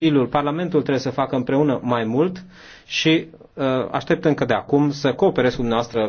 Consiliul, Parlamentul trebuie să facă împreună mai mult și uh, aștept încă de acum să cooperez cu dumneavoastră